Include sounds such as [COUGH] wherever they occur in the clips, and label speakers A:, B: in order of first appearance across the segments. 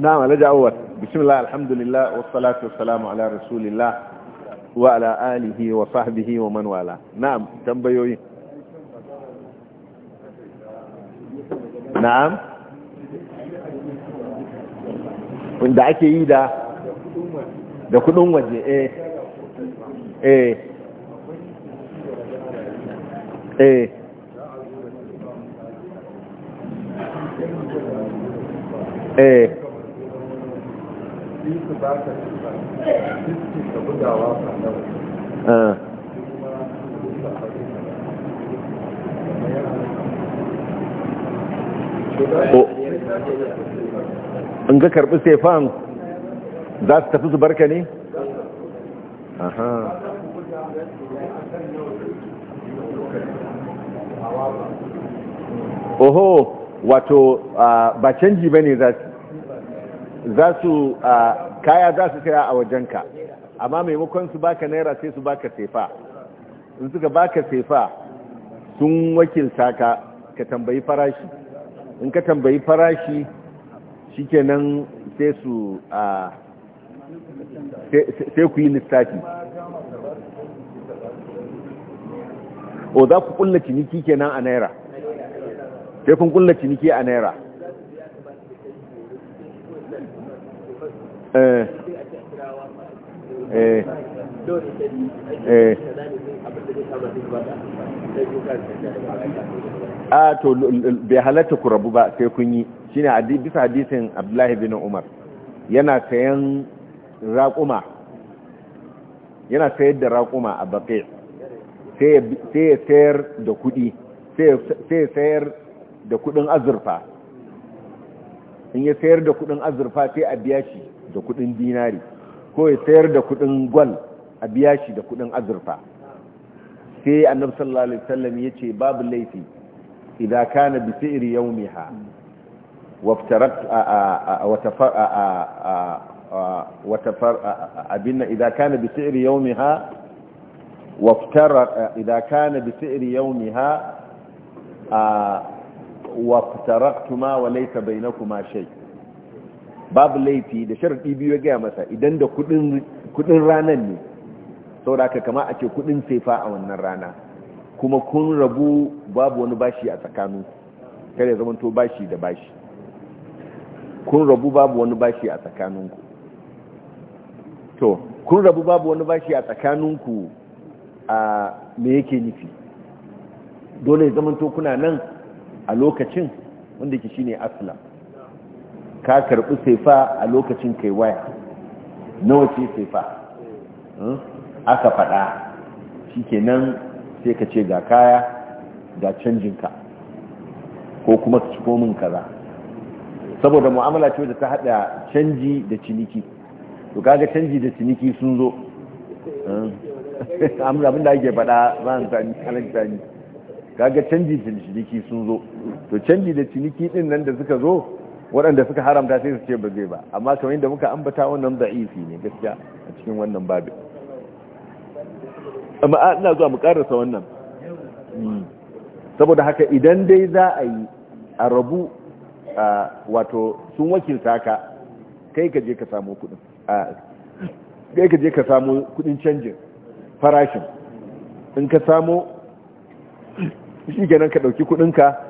A: na'am alhaji awwal bismillah alhamdulillah wassalatu ala rasulillah wa ala wa sahbihi wa man wala na'am tambayoyi na'am
B: wanda ake yi da da kudin waje eh
A: eh, eh. eh. Ah. Oh. in ga karbi stefan za su tafi su barka ne? aha oho wato ah, ba canji ba ne za su za su ah, kaya za su saya a wajenka amma maimakon su baka naira sai su baka sefa in suka baka sefa sun wakilta ka ka tambayi farashi in ka tambayi farashi shikenan sai su a sai ku yi lissafi o za ku kulla ciniki kenan a naira sai kun kulla ciniki a naira eh eh eh a ah, to bai halatta ku rabu ba sai kun yi shine bisa hadisin Abdullahi bin Umar yana sayan raƙuma yana sayar da raƙuma a baƙe sai ya sayar da kuɗi sai ya sayar da kuɗin azurfa in ya sayar da kuɗin azurfa sai a biya shi da kudin dinari ko ya sayar da kudin gwal a biya shi da kudin azurfa sai annabi sallallahu alaihi wasallam yace babu laifi idan kana bi fi'ri yawmiha waftarat abinna bi fi'ri yawmiha kana bi fi'ri yawmiha wa laysa bainakuma shay' babu laifi da sharaɗi biyu ya gaya masa idan da kudin ranar ne sauraka kama a ce kudin saifa a wannan rana kuma kun rabu babu wani bashi a tsakanin kare to bashi da bashi kun rabu babu wani bashi a tsakaninku to kun rabu babu wani bashi a tsakaninku a me yake nufi dole to kuna nan a lokacin wanda ke shine aslam ka karɓi saifa a lokacin kai waya nawa wace saifa hmm? aka faɗa shi kenan sai ka ce ga kaya ga canjinka ko kuma ka ci komin kaza saboda mu'amala ce wadda ta haɗa canji da ciniki to kaga canji da ciniki sun zo hmm? [LAUGHS] abin da ake faɗa ran sani kalan sani kaga canji da ciniki sun zo to canji da ciniki ɗin nan da suka zo waɗanda suka haramta sai su ce ba zai ba amma kamar yadda muka ambata wannan da'ifi ne gaskiya a cikin wannan babin amma ina zuwa mu karasa wannan hmm. saboda haka idan dai za a yi a rabu wato sun wakilta ka kai ka je ka samu kudin kai ka ka samu kudin canjin farashin in ka samu shi ganin ka dauki kudinka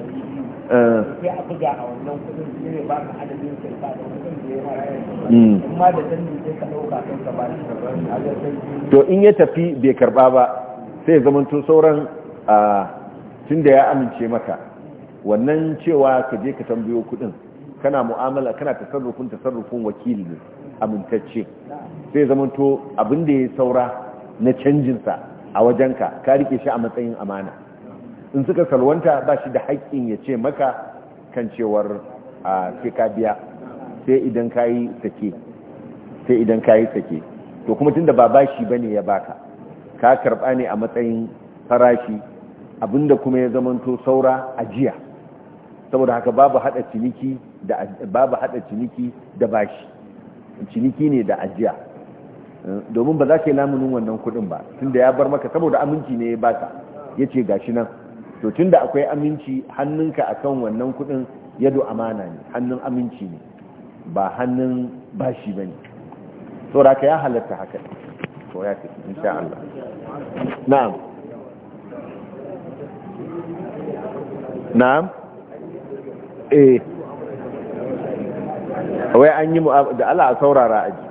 A: Eh. sai a buga a wannan kudin shi ne ba ka adadin da da ya hmm. da ka ɗauka kan ka ba to in ya tafi bai karba ba sai ya zamanto sauran tun da ya amince maka wannan cewa ka je ka tambayo kudin kana mu'amala kana tasarrufin tasarrufin wakili ne amintacce sai zamanto abin da ya saura na canjinsa a wajenka ka rike shi a matsayin amana in suka salwanta ba shi da haƙƙin ya ce maka kan cewar a ka biya sai idan ka yi sake sai idan ka yi sake to kuma tunda ba bashi ne ya baka ka karba ne a matsayin farashi abinda kuma ya zamanto saura ajiya saboda haka babu hada ciniki da babu haɗa ciniki da bashi ciniki ne da ajiya domin ba za ka yi lamunin wannan kudin ba tunda ya bar maka saboda aminci ne ya baka yace gashi nan to tunda akwai aminci hannunka akan wannan kudin yado amana ne hannun aminci ne ba hannun bashi bane saboda ka ya halatta haka to ya ce insha Allah na'am na'am eh wai an yi da Allah a saurara aji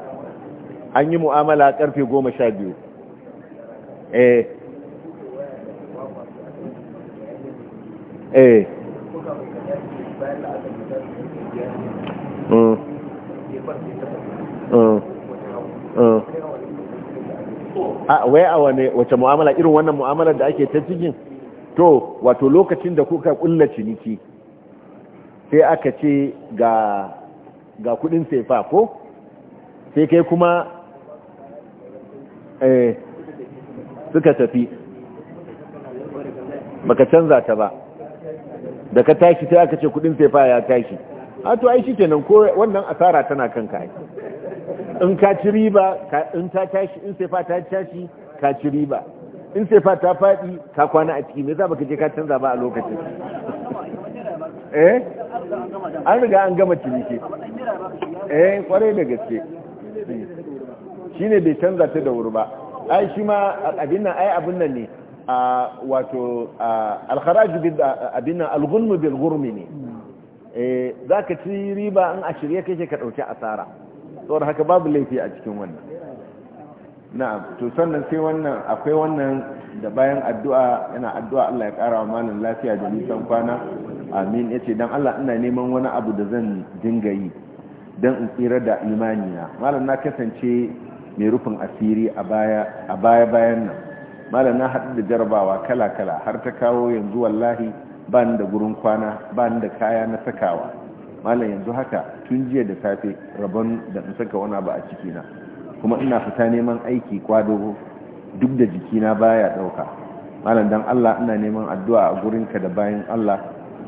A: an yi mu'amala karfe 12 eh eh mm. Mm. Mm. wai a wane wace mu'amala irin wannan mu'amalar da ake ta cikin to wato lokacin da kuka kulla ciniki sai aka ce ga ga kudin sefa ko sai kai kuma eh suka tafi baka canza ta ba da ka tashi ta aka ce kudin fefa ya tashi a to ai nan ko wannan asara tana kan ka in ka ci riba in ta tashi in fefa ta tashi ka ci riba in fefa ta fadi ka kwana a ciki me za baka je ka canza ba a lokacin [LAUGHS] eh an riga an gama ciniki eh kwarai da gaske shine bai canza ta da wuri ba ai shi ma abin nan ai abin nan ne wato alkharaju bil abin alghunmu bil ghurmi ne eh zaka ci riba in a shirye kake ka ɗauki asara da haka babu laifi a cikin wannan na'am to sannan sai wannan akwai wannan da bayan addu'a yana addu'a Allah ya kara wa malin lafiya da nisan kwana amin yace dan Allah ina neman wani abu da zan dinga yi dan in tsira da imaniya. na malam na kasance mai rufin asiri a baya bayan nan malam na haɗu da jarabawa kala-kala har ta kawo yanzu wallahi ba da gurin kwana ba da kaya na sakawa malam yanzu haka tun jiya da safe rabon da in saka wani ba a cikina kuma ina fita neman aiki kwado duk da jikina baya ɗauka malam dan Allah ina neman addu'a a gurin ka da bayan Allah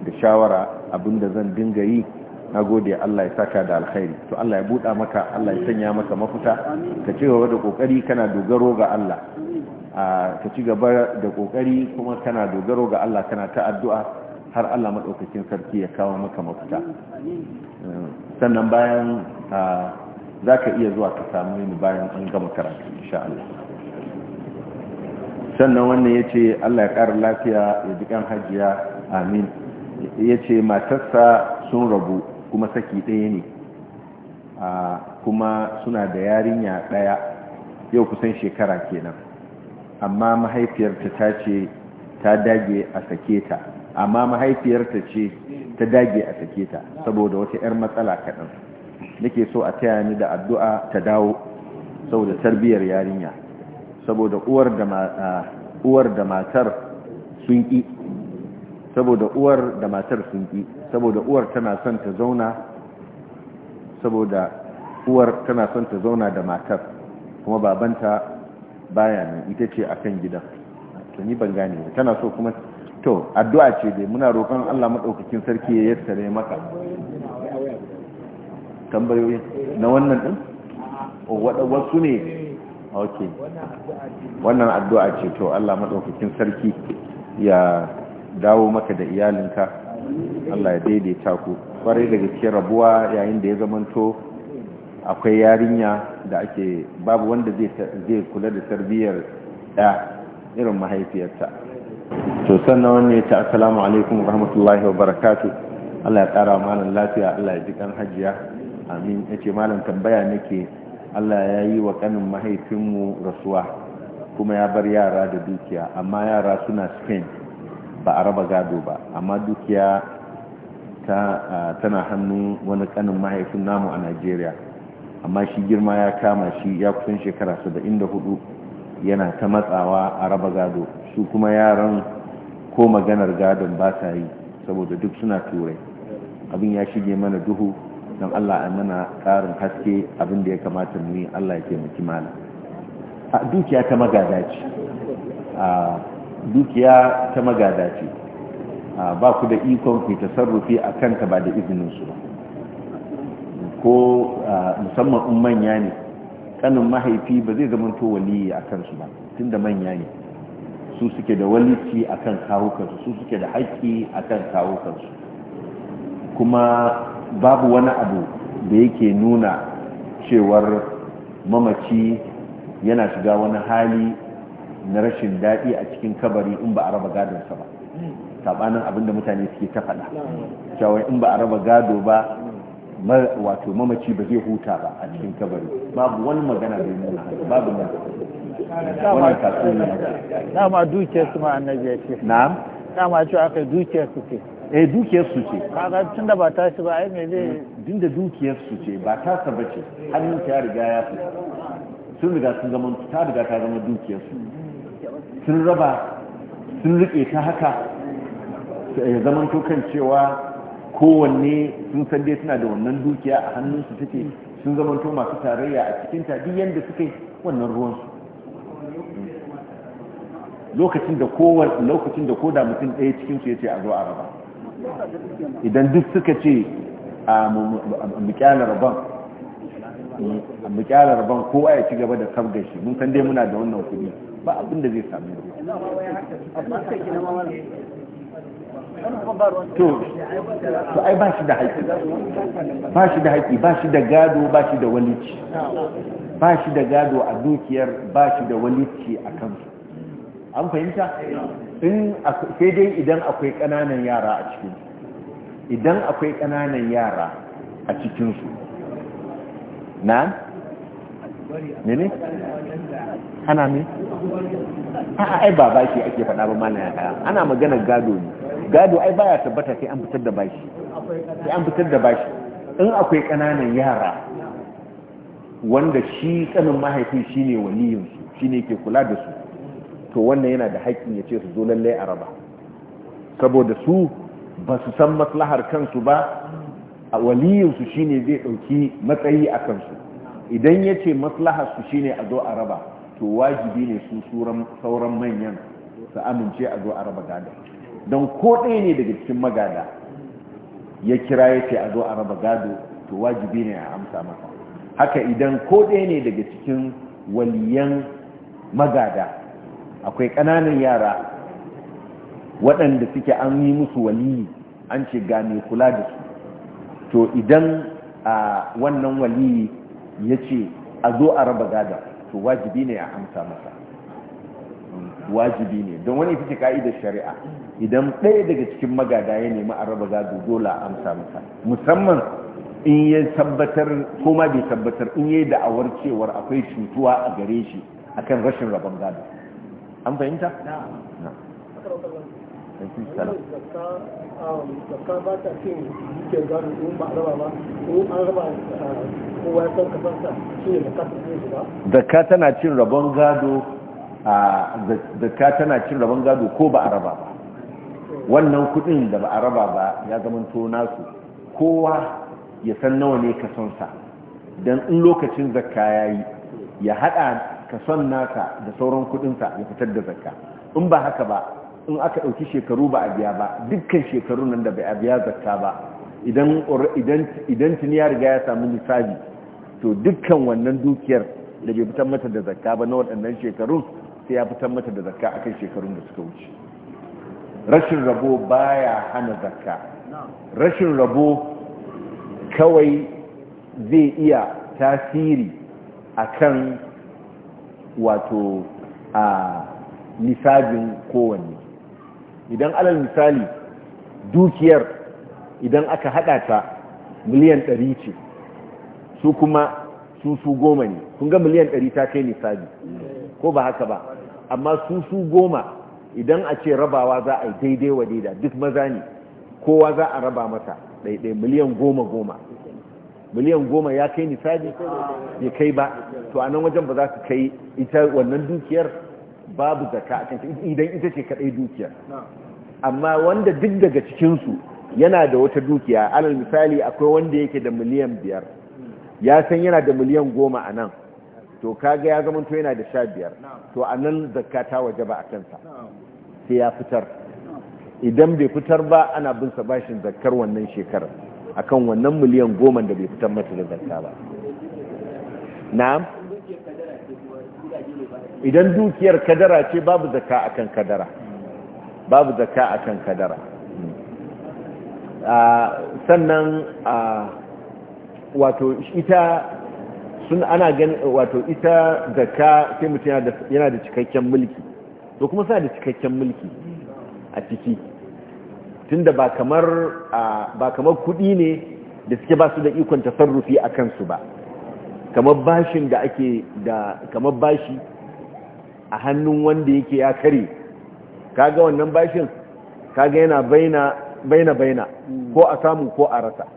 A: da shawara abin da zan dinga yi na gode Allah ya saka da alkhairi to Allah ya buɗa maka Allah ya sanya maka mafuta ka ci gaba da ƙoƙari kana dogaro ga Allah ka ci gaba da kokari kuma kana dogaro ga Allah kana ta addu'a har Allah madaukakin sarki ya kawo maka mafita sannan bayan za ka iya zuwa ka samu yin bayan an gama karatu insha Allah sannan wannan ya ce Allah ya ƙara lafiya ya ji kan hajiya amin ya ce matarsa sun rabu kuma saki ɗaya ne kuma suna da yarinya ɗaya yau kusan shekara kenan amma mahaifiyarta ta ce ta dage a sake ta amma mahaifiyarta ce ta dage a sake ta saboda wata 'yar matsala kaɗan nake so a taya ni da addu'a ta dawo saboda tarbiyyar yarinya saboda uwar da matar sun ƙi saboda uwar da matar sun ƙi saboda uwar tana son ta zauna saboda uwar tana son ta zauna da matar kuma babanta baya nan ita ce a kan gidan to ni ban gane tana so kuma to addu'a ce dai muna roƙon Allah madaukakin sarki ya yassare maka tambayoyi na wannan din o oh, wada wasu ne okay wannan addu'a ce to Allah madaukakin sarki ya dawo maka da iyalinka Allah ya daidaita ku kwarai daga cikin rabuwa yayin da ya zamanto akwai yarinya da ake babu wanda zai kula da tarbiyyar ɗa irin mahaifiyarta to sannan wani ya ce assalamu alaikum wa rahmatullahi wa barakatu Allah ya ƙara malam lafiya Allah ya ji kan hajiya amin ya ce malam tambaya nake Allah ya yi wa kanin mahaifinmu rasuwa kuma ya bar yara da dukiya amma yara suna spain ba a raba gado ba amma dukiya tana hannun wani kanin mahaifin namu a nigeria. amma shi girma ya kama shi ya kusan shekara 74 yana ta matsawa a raba gado su kuma yaran ko maganar gadon ba sa yi saboda duk suna turai abin ya shige mana duhu don allah a mana ƙarin haske abin da ya kamata mu yi allah ya taimaki mana a dukiya ta magada ce a dukiya ta magada ce ba ku da ikon ku sarrufi a kanta ba da izinin su ba ko musamman in manya ne kanin mahaifi ba zai zama to wali a kansu ba tun da manya ne su suke da walici a kan kawukansu su suke da haƙƙi a kan kawukansu kuma babu wani abu da yake nuna cewar mamaci yana shiga wani hali na rashin daɗi a cikin kabari in ba a raba gadonsa ba tabanin abinda mutane suke ta faɗa cewa in ba a raba gado ba wato mamaci ba zai huta ba a cikin kabari babu wani magana da nuna babu
B: wannan tatsuniya ce dama dukiyar su
A: ma annabi ya ce na dama ce aka dukiyar su ce eh dukiyar su ce kaga tun da ba ta shi ba ai me zai din mm, da dukiyar su ce ba ta sa bace hannun ta riga ya fita sun riga sun zama ta riga ta zama dukiyar su sun raba sun rike ta haka ya eh, zamanto kan cewa kowanne sun san dai suna da wannan dukiya a hannunsu take sun zamanto masu tarayya a cikin ta duk yanda suka yi wannan ruwansu lokacin da kowa lokacin da koda mutum ɗaya cikin su yace a zo a raba idan duk suka ce a mukyalar a mukyalar rabon kowa ya ci gaba da sabga shi mun san dai muna da wannan kuɗi ba abin da zai sami
B: to to ai
A: ba shi da haƙƙi ba shi da haƙƙi ba shi da gado ba shi da walici ba shi da gado a dukiyar ba shi da walici a kansu an fahimta in sai dai idan akwai ƙananan yara a cikin idan akwai ƙananan yara a cikinsu na ne ne ana ne
B: a ai ba ba shi ake faɗa
A: ba mana ya ana magana gado ne gado ai baya tabbata sai an fitar da bashi sai an fitar da bashi in akwai ƙananan yara wanda shi kanin mahaifin shine waliyin su shine ke kula da su to wannan yana da haƙƙin ya ce su zo lallai a raba saboda su ba su san maslahar kansu ba a su shine zai ɗauki matsayi a kansu idan ya ce maslahar su shine a zo a raba to wajibi ne su sauran manyan su amince a zo a raba gado. don ko ɗaya ne daga cikin magada ya kira ya ce a zo a raba gado to wajibi ne a amsa masa haka idan ko ɗaya ne daga cikin waliyan magada akwai ƙananan yara waɗanda suke an yi musu waliyi an ce gane kula da su to idan a wannan waliyi ya ce a zo a raba gada to wajibi ne a amsa masa wajibi ne don wani ita ka'idar shari'a idan ɗaya daga cikin magada ya nemi a raba gado dole a amsa masa musamman in ya tabbatar ko ma bai tabbatar in ya yi da'awar cewar akwai cutuwa a gare shi akan rashin rabon gado an fahimta?
B: na ka um, ba ta cin dukiyar gado raba ba uh, san
A: ba tana cin rabon gado uh, a tana cin rabon gado ko ba a raba ba wannan kudin da ba a raba ba ya tona su kowa ya san nawa ne kasonsa don in lokacin zakka ya yi ya hada kason nasa da sauran kudinsa ya fitar da zakka in ba haka ba in aka ɗauki shekaru ba a biya ba dukkan shekaru nan da bai a biya zakka ba idan idan tuni ya riga ya samu lissafi to dukkan wannan dukiyar da bai fitar mata da zakka ba na waɗannan shekarun sai ya fitar mata da zakka akan shekarun da suka wuce rashin rabo baya hana zakka rashin rabo kawai zai iya tasiri akan wato a nisabin kowanne idan alal misali dukiyar idan aka hada ta miliyan 100 ce su kuma su su goma ne kun ga miliyan 100 ta kai nisabi ko ba haka ba amma su su goma idan a ce rabawa za a yi daidai wa daida duk maza ne kowa za a raba masa daidai miliyan goma goma miliyan goma ya kai nisabi ya kai ba to a nan wajen ba za su kai ita wannan dukiyar babu zaka a idan ita ce kadai dukiyar amma wanda duk daga cikinsu yana da wata dukiya alal misali akwai wanda yake da miliyan biyar ya san yana da miliyan goma a nan to kaga ya zama to yana da sha biyar to a nan zakka ta waje ba a kansa sai ya fitar idan bai fitar ba ana bin sa bashin zakkar wannan shekarar akan wannan miliyan goma da bai fitar mata da zakka ba na'am
B: idan dukiyar kadara ce
A: babu zakka akan kadara babu zakka akan kadara sannan wato ita sun ana ganin wato ita zakka sai mutum yana da cikakken mulki to kuma suna da cikakken mulki a ciki tunda ba kamar ba kamar kudi ne da suke ba su da ikon tasarrufi a kansu ba kamar bashin da ake da kamar bashi a hannun wanda yake ya kare kaga wannan bashin kaga yana baina baina baina mm. ko a samu ko a rasa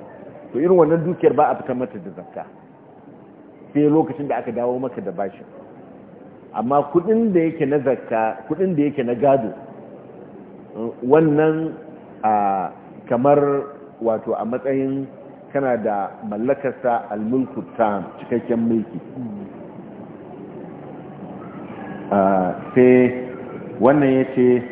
A: to irin wannan dukiyar ba a fitar mata da zakka sai lokacin da aka dawo maka da bashin amma kudin da yake na zakka kudin da yake na gado wannan a kamar wato a matsayin kana da mallakarsa al-mulku tam cikakken mulki sai wannan yace ce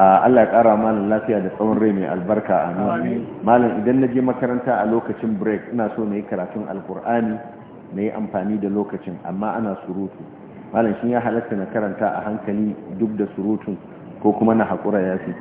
A: Allah ya ƙara mana lafiya da tsawon rai mai albarka a nan idan na je makaranta a lokacin break ina so na yi karatun alkur'ani na yi amfani da lokacin amma ana surutu malam shi ya halatta na karanta a hankali duk da surutun ko kuma na haƙura ya fi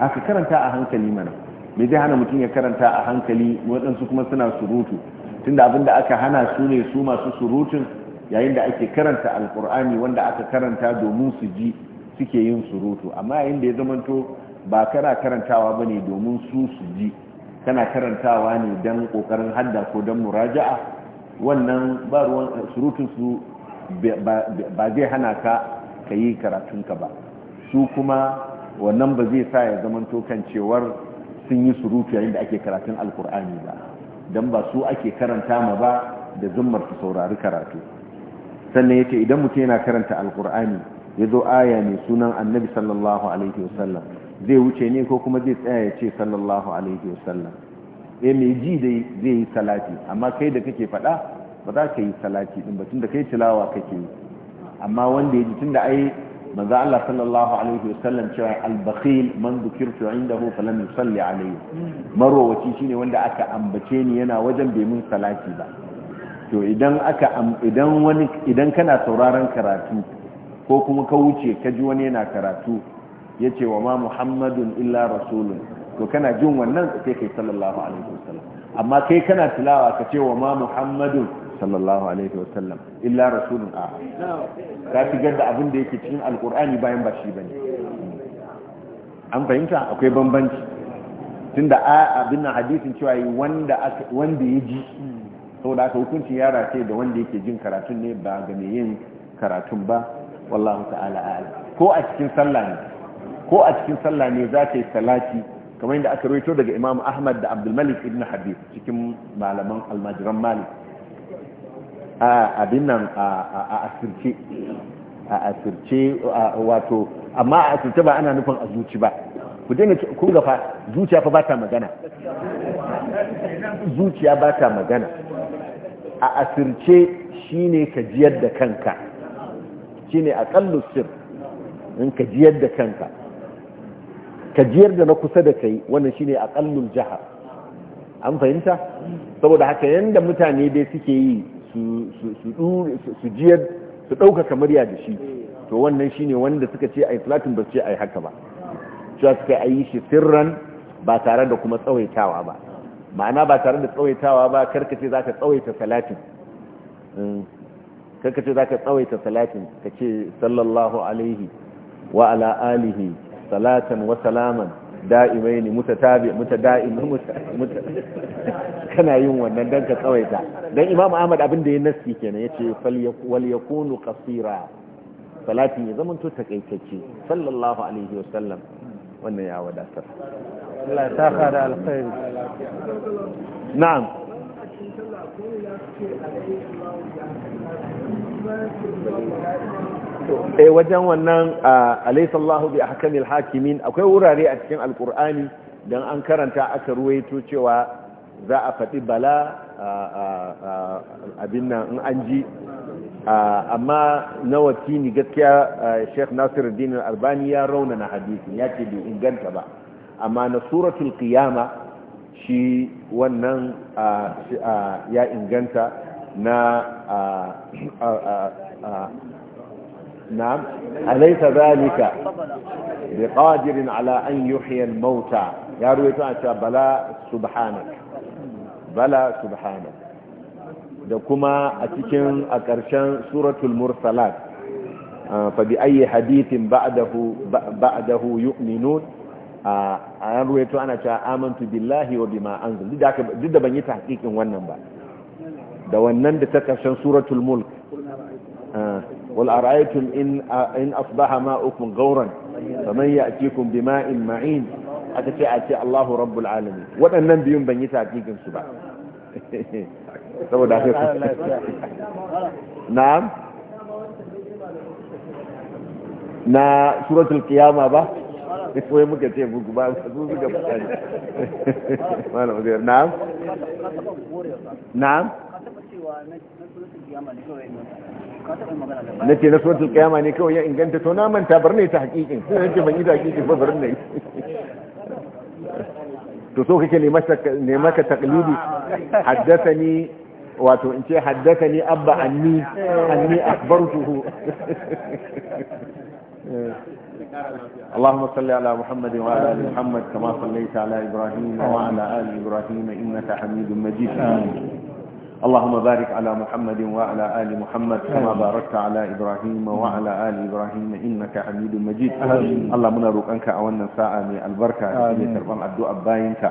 A: aka karanta a hankali mana me zai hana mutum ya karanta a hankali waɗansu kuma suna surutu tunda abin da aka hana su ne su masu surutun yayin da ake karanta alƙur'ani wanda aka karanta domin su ji suke yin surutu amma yayin da ya zamanto ba kana karantawa ba ne domin su su ji kana karantawa ne don ƙoƙarin hadda ko don muraja'a wannan ba ruwan eh, surutunsu ba zai hana ka ka yi karatunka ba su kuma wannan ba zai sa ya zamanto kan cewar sun yi surutu yayin da ake karatun alkur'ani ba don ba su ake karanta ma ba da zummar su saurari karatu sannan yake idan mutum yana karanta alkur'ani ya zo aya mai sunan annabi sallallahu alaihi wasallam zai wuce ne ko kuma zai tsaya ya ce sallallahu alaihi wasallam eh mai ji dai zai yi salati amma kai da kake faɗa ba za ka yi salati din ba tunda kai tilawa kake yi amma wanda ya ji tunda ai manzo Allah sallallahu alaihi wasallam cewa al-bakhil man dhukirtu indahu falam yusalli alayhi marwaci shine wanda aka ambace ni yana wajen bai mun salati ba to idan aka idan wani idan kana sauraron karatu ko kuma ka wuce ka ji wani yana karatu ya ce wa ma muhammadun illa rasulun to kana jin wannan sai kai sallallahu alaihi wasallam amma kai kana tilawa ka ce wa ma muhammadun sallallahu alaihi wasallam illa rasulun a ka fi da abin da yake cikin alkur'ani bayan ba shi bane an fahimta akwai bambanci tunda a abin nan hadisin cewa wanda wanda ya ji da aka hukuncin yara ce da wanda yake jin karatun ne ba ga yin karatun ba wallahu ta'ala a'lam ko a cikin sallah ne ko a cikin sallah ne za ta yi salati kamar yadda aka rawaito daga imam ahmad da abdulmalik ibn habib cikin malaman almajiran malik a abin nan a asirce a asirce wato amma a asirce ba ana nufin a zuci ba ku dinga ku ga fa zuciya fa ba ta magana zuciya ba ta magana a asirce shine ka jiyar da kanka shine aqallu sir in ka jiyar da kanka ka jiyar da na kusa da kai wannan shine aqallul jihar an fahimta saboda haka yanda mutane dai suke yi su su jiyar su ɗaukaka murya da shi to wannan shine wanda suka ce ai salatin ba ai haka ba cewa suka yi shi sirran ba tare da kuma tsawaitawa ba ma'ana ba tare da tsawaitawa ba karkace za ka tsawaita salatin hmm. karkace za ka tsawaita salatin ka ce sallallahu alaihi wa ala alihi salatan wa salaman ne mutatabi mutada'im muta kana yin wannan dan ka tsawaita dan Imam Ahmad abin da ya nasi kenan yace fal wal yakunu qasira salatin ya zamanto takaitacce sallallahu alaihi wa sallam wannan ya wadatar Allah ya saka da alkhairi
B: na'am Thank you.
A: eh wajen wannan alaysa Allahu bi ahkamil hakimin akwai wurare a cikin alqur'ani dan an karanta aka ruwaito cewa za a faɗi bala abin nan in an ji amma na ni gaskiya sheikh nasir al albani ya raunana hadisin ya ce bai inganta ba amma na suratul qiyama shi wannan ya inganta na نعم أليس ذلك بقادر على أن يحيي الموتى يا رويتان بلا سبحانك بلا سبحانك da kuma a cikin a ƙarshen suratul mursalat fa bi ayi hadithin ba'dahu ba'dahu yu'minun a an ruwaito ana cewa amantu billahi wa bima da duk da ban yi tahqiqin wannan ba da wannan da ta ƙarshen suratul mulk قل أرأيتم إن, إن أصبح ماؤكم غورا فمن يأتيكم بماء معين أتتي الله رب العالمين وأنن بيوم بني تأتيكم سبع [LAUGHS]
B: نعم na
A: suratul kiyama ba wai muka ce buku ba su نعم fata نعم.
B: na ce na suratul
A: kiyama ne kawai ya inganta to na manta bar ne ta hakikin sai nake ban yi da hakikin ba bar ne to so kake ne maka taqlidi
B: haddathani
A: wato in ce haddathani abba anni anni akbartuhu اللهم صل على محمد وعلى ال محمد كما صليت على ابراهيم وعلى ال ابراهيم انك حميد مجيد اللهم بارك على محمد وعلى آل محمد كما باركت على إبراهيم وعلى آل إبراهيم إنك حميد مجيد اللهم نروك أنك أولنا ساعة من البركة التي تربى الدعاء باينك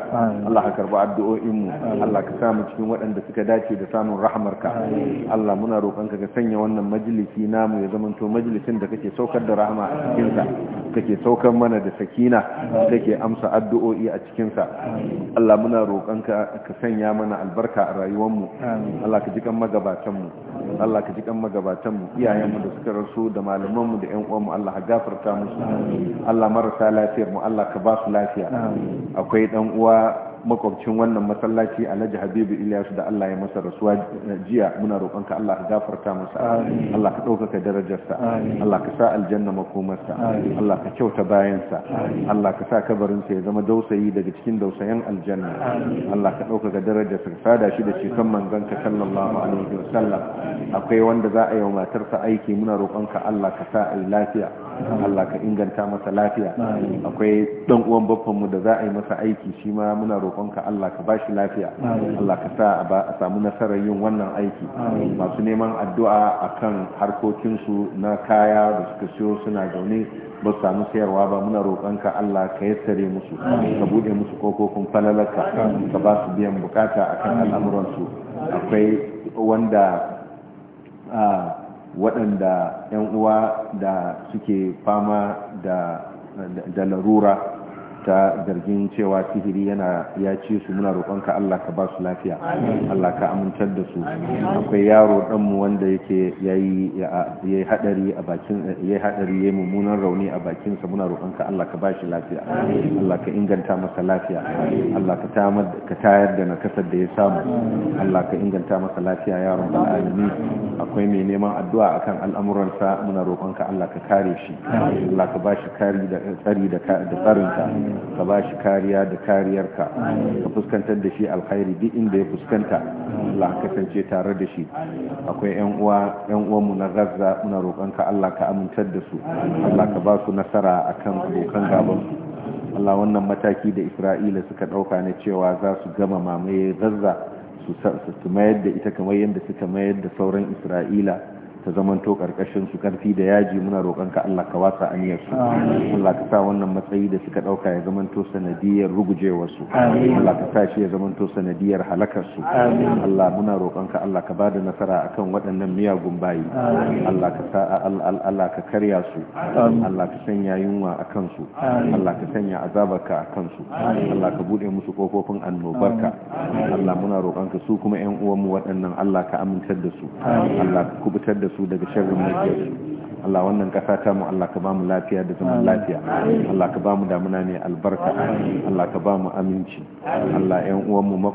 A: الله كربى الدعاء إمو الله كسامة cikin waɗanda suka dace da samun rahamarka Allah muna roƙonka ka sanya wannan majalisi namu ya zamanto majlisin da kake saukar da rahama a cikinsa kake saukar mana da sakina kake amsa addu'o'i a cikinsa Allah muna ka sanya mana albarka a rayuwarmu Allah ka ji kan mu Allah ka ji kan iyayen iyayenmu da suka rasu da malaman mu da ƴan uwanmu Allah ka gafarta musu Allah marasa lafiyar mu Allah ka ba su lafiya akwai ɗan uwa makwabcin wannan masallaci alhaji habibu ilyasu da allah ya masa rasuwa jiya muna roƙonka allah ka gafarta masa allah ka ɗaukaka darajarsa allah ka sa aljanna makomarsa allah ka kyauta bayansa allah ka sa kabarinsa ya zama dausayi daga cikin dausayen aljanna allah ka ɗaukaka darajarsa ka sada shi da cikin ka sallallahu alaihi wasallam akwai wanda za a yi wa matarsa aiki muna roƙonka allah ka sa a lafiya Allah ka inganta masa lafiya akwai dan uwan baffan mu da za a yi masa aiki shi ma muna roƙonka Allah ka bashi lafiya Allah ka sa a samu nasarar yin wannan aiki masu neman addu'a akan harkokinsu na kaya da suka siyo suna zaune ba su samu sayarwa ba muna roƙonka Allah ka yassare musu ka bude musu kokokin falalarka ka ba su biyan bukata akan al'amuransu akwai wanda ah, waɗanda 'yan uwa da suke fama da larura ta zargin cewa sihiri yana ya ci su muna roƙonka Allah ka ba su lafiya Allah ka amintar da su akwai yaro ɗanmu wanda yake yayi ya hadari a bakin hadari mummunan rauni a bakin sa muna roƙonka Allah ka ba shi lafiya Allah ka inganta masa lafiya Allah ka tamar ka tayar da nakasar da ya samu Allah ka inganta masa lafiya yaron da alimi akwai mai neman addu'a akan al'amuransa muna roƙonka Allah ka kare shi Allah ka ba shi kari da tsari da tsarinka ka ba shi kariya da kariyarka ka fuskantar da shi alkhairi duk inda ya fuskanta Allah kasance tare da shi akwai yan uwa yan uwanmu na Gaza muna roƙonka Allah ka amintar da su Allah ka ba su nasara akan abokan gaban su Allah wannan mataki da Isra'ila suka ɗauka na cewa za su gama mamaye Gaza su mayar da ita kamar yadda suka mayar da sauran Isra'ila ta zamanto karkashin su karfi da yaji muna roƙon ka Allah ka wasa aniyar su Allah ka sa wannan matsayi da suka dauka ya zamanto sanadiyar rugujewar su Allah ka sa shi ya zamanto sanadiyar halakar su Allah muna roƙon ka Allah ka bada nasara akan waɗannan miyagun bayi Allah ka sa Allah ka karya su Allah ka sanya yunwa akan su Allah ka sanya azabarka akan su Allah ka bude musu kofofin annobarka Allah muna roƙon ka su kuma ƴan uwanmu waɗannan Allah ka amintar da su Allah ka kubutar da su daga shirin mulki Allah wannan kasa ta mu Allah ka ba mu lafiya da zaman lafiya Allah ka ba mu damuna mai albarka Allah ka ba mu aminci Allah ƴan uwanmu mu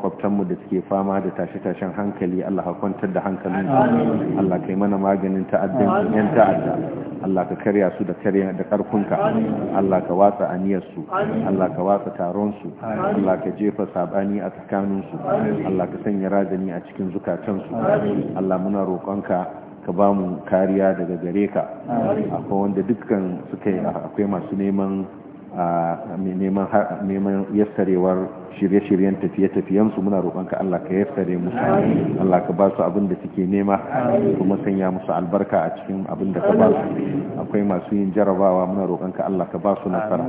A: da suke fama da tashe-tashen hankali Allah ka kwantar da hankalin Allah ka yi mana maganin ta'addan ƴan ta'adda Allah ka karya su da karya da karkunka Allah ka watsa aniyar su Allah ka watsa taron su Allah ka jefa sabani a tsakanin su Allah ka sanya razani a cikin zukatan su Allah muna roƙonka ka ba mu kariya daga gare ka akwai wanda dukkan suka yi akwai masu neman neman yassarewar shirye-shiryen tafiye-tafiyensu muna roƙonka Allah ka yassare musu Allah ka ba su abin da suke nema kuma sanya musu albarka a cikin abin da ka ba su akwai masu yin jarabawa muna roƙonka Allah ka ba su nasara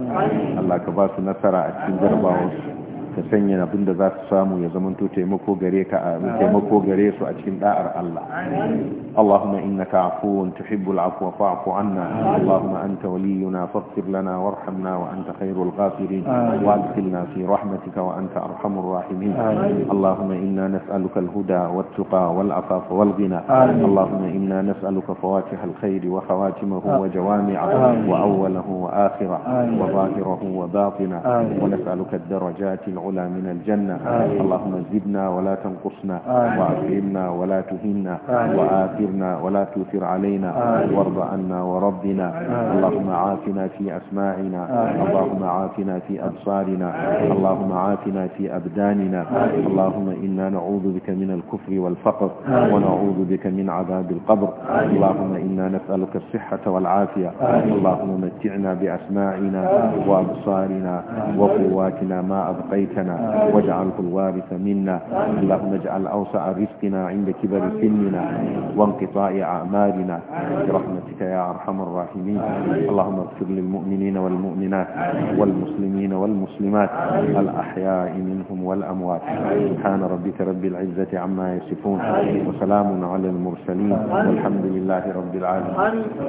A: Allah ka ba su nasara a cikin jarabawarsu ka sanya abin da za su samu ya zamanto taimako gare ka a taimako gare su a cikin da'ar Allah Allahumma innaka afuwun tuhibbul afwa fa'fu anna Allahumma anta waliyuna faghfir lana warhamna wa anta khairul ghafirin wa adkhilna fi rahmatika wa anta arhamur rahimin Allahumma inna nas'aluka al-huda wat-tuqa wal-afafa wal-ghina Allahumma inna nas'aluka fawatiha al-khair wa khawatimahu wa jawami'ahu wa awwalahu wa akhirahu wa zahirahu wa batinahu wa nas'aluka ad-darajat العلا من الجنة آمين. اللهم زدنا ولا تنقصنا وأكرمنا ولا تهنا وآثرنا ولا تؤثر علينا وارض عنا وربنا اللهم عافنا في أسماعنا اللهم عافنا في أبصارنا اللهم عافنا في أبداننا اللهم إنا نعوذ بك من الكفر والفقر ونعوذ بك من عذاب القبر اللهم إنا نسألك الصحة والعافية اللهم متعنا بأسماعنا وأبصارنا وقواتنا ما أبقيت أحييتنا واجعله الوارث منا اللهم اجعل أوسع رزقنا عند كبر سننا وانقطاع أعمالنا برحمتك يا أرحم الراحمين اللهم اغفر للمؤمنين والمؤمنات والمسلمين والمسلمات الأحياء منهم والأموات سبحان ربك رب العزة عما يصفون وسلام على المرسلين والحمد لله رب العالمين